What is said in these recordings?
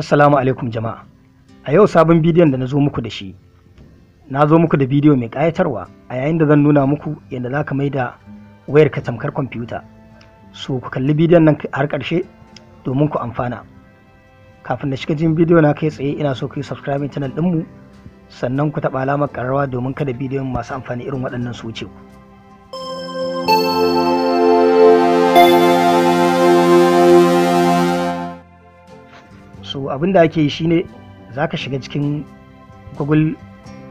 Assalamu alaikum jama'a. A yau sabon bidiyon da na zo muku da shi. Na zo muku da bidiyo mai ƙayatarwa a yayin da zan nuna muku yadda za ka maida wayar ka tamkar kwamfuta. So ku kalli bidiyon nan har ƙarshe domin ku amfana. Kafin na shiga jin bidiyo na kai tsaye ina so ku yi subscribe channel ɗinmu sannan ku taɓa alamar ƙararrawa domin kada bidiyon masu amfani irin waɗannan su wuce ku. abin da ake yi shine za ka shiga cikin google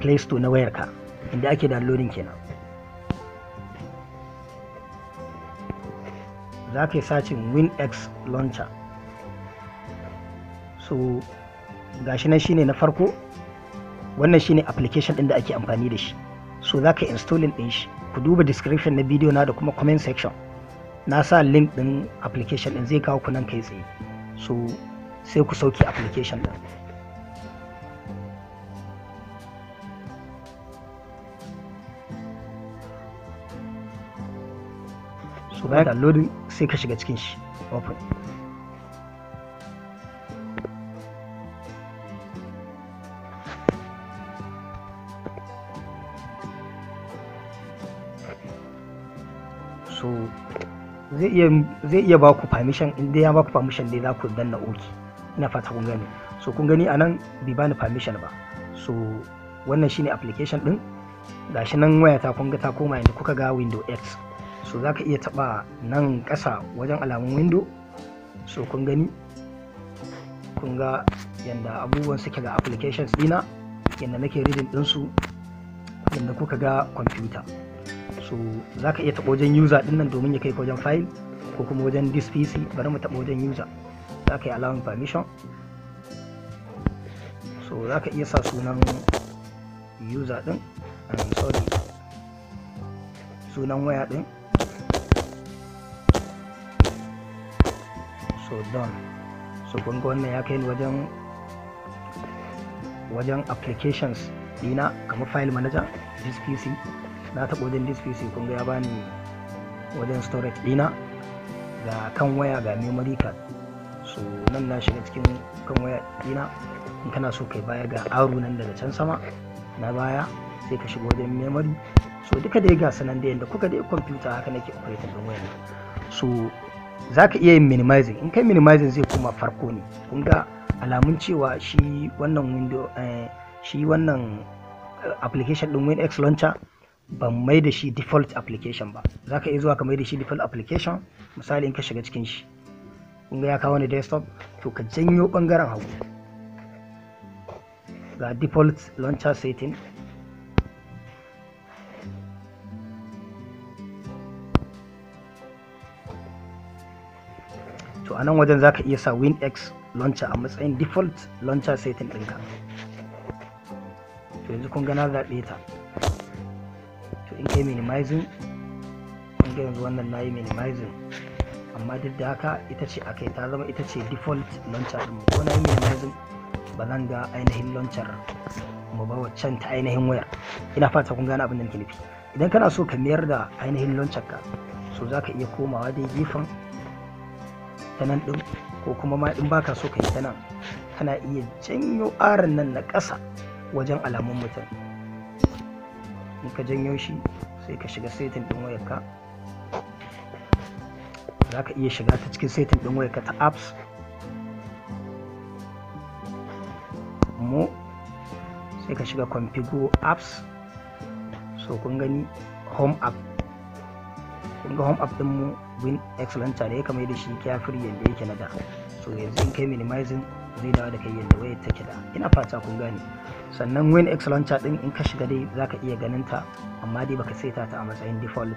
play store na wayarka inda ake downloading kenan za ka yi sacin winx launcher so gashi nan shine na farko wannan shine application din da ake amfani da shi so za ka installing din shi ku duba description na video na da kuma comment section na sa link din application din zai kawo ku nan kai tsaye so sai ku sauke application ɗin so bayan downloading sai ka shiga cikin shi open zai iya ba ku permission inda ya ba ku permission dai za ku danna oki ina fata kun gane so kun gani anan bai bani permission ba so wannan shine application din gashi nan waya ta kun ga ta koma inda kuka ga window x so za iya taba nan kasa wajen alamun window so kun gani kun ga yanda abubuwan suke ga applications dina yanda nake reading ɗinsu yanda kuka ga computer so za iya taba wajen user ɗin nan domin ya kai wajen file ko kuma wajen disk pc bari mu taba wajen user zaka aka yi alamun permission so za ka iya sa sunan user din um, sorry sunan waya din so done so kunga wannan ya kai ni wajen wajen applications dina kamar file manager disk na taɓa wajen disk pc kunga ya bani wajen storage dina ga kan waya ga memory card so nan na shiga cikin kan waya dina in kana so kai baya ga aro nan daga can sama na baya sai ka shiga wajen memory so duka dai ga sanan da yanda kuka dai kwamfuta haka nake operate din wayar so za ka iya yin minimizing in kai minimizing zai koma farko ne kun ga alamun cewa shi wannan window eh, shi wannan eh, application din x launcher ban mai da shi default application ba za ka iya zuwa ka mai da shi default application misali in ka shiga cikin shi in ya kawo ni desktop to ka janyo bangaren hagu ga default launcher setting to a nan wajen za ka iya sa winx launcher a matsayin default launcher setting ɗinka to yanzu kun gana zaɓe ta to in kai minimizing in ga yanzu wannan na yi minimizing amma duk da haka ita ce kai ta zama ita ce default launcher ɗin ko na yi yanzu ba zan ga ainihin launcher mu ba wancan ta ainihin wayar ina fata kun gane abin da nake nufi idan kana so ka mayar da ainihin launcher ka so za ka iya komawa dai gefen ta nan ɗin ko kuma ma in baka so ka yi ta nan kana iya janyo aran nan na ƙasa wajen alamun mutum in ka janyo shi sai ka shiga setin ɗin ka. za ka iya shiga ta cikin setin ɗin wayarka ta apps mu sai ka shiga configure apps so kun gani home app kun ga home app din mu win excellent ne ya kamar da shi kafir yanda yake na da so yanzu in kai minimizing zai dawo da kai yanda wayar take da ina fata kun gane sannan win excellent din in ka shiga dai zaka iya ganin ta amma dai baka saita ta a matsayin default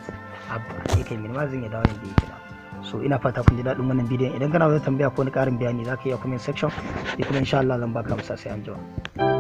app sai kai minimizing ya dawo yanda yake da so ina fata kun ji daɗin wannan bidiyon idan kana wani tambaya ko wani ƙarin bayani za ka iya comment section ni kuma insha Allah zan baka amsa sai an jima.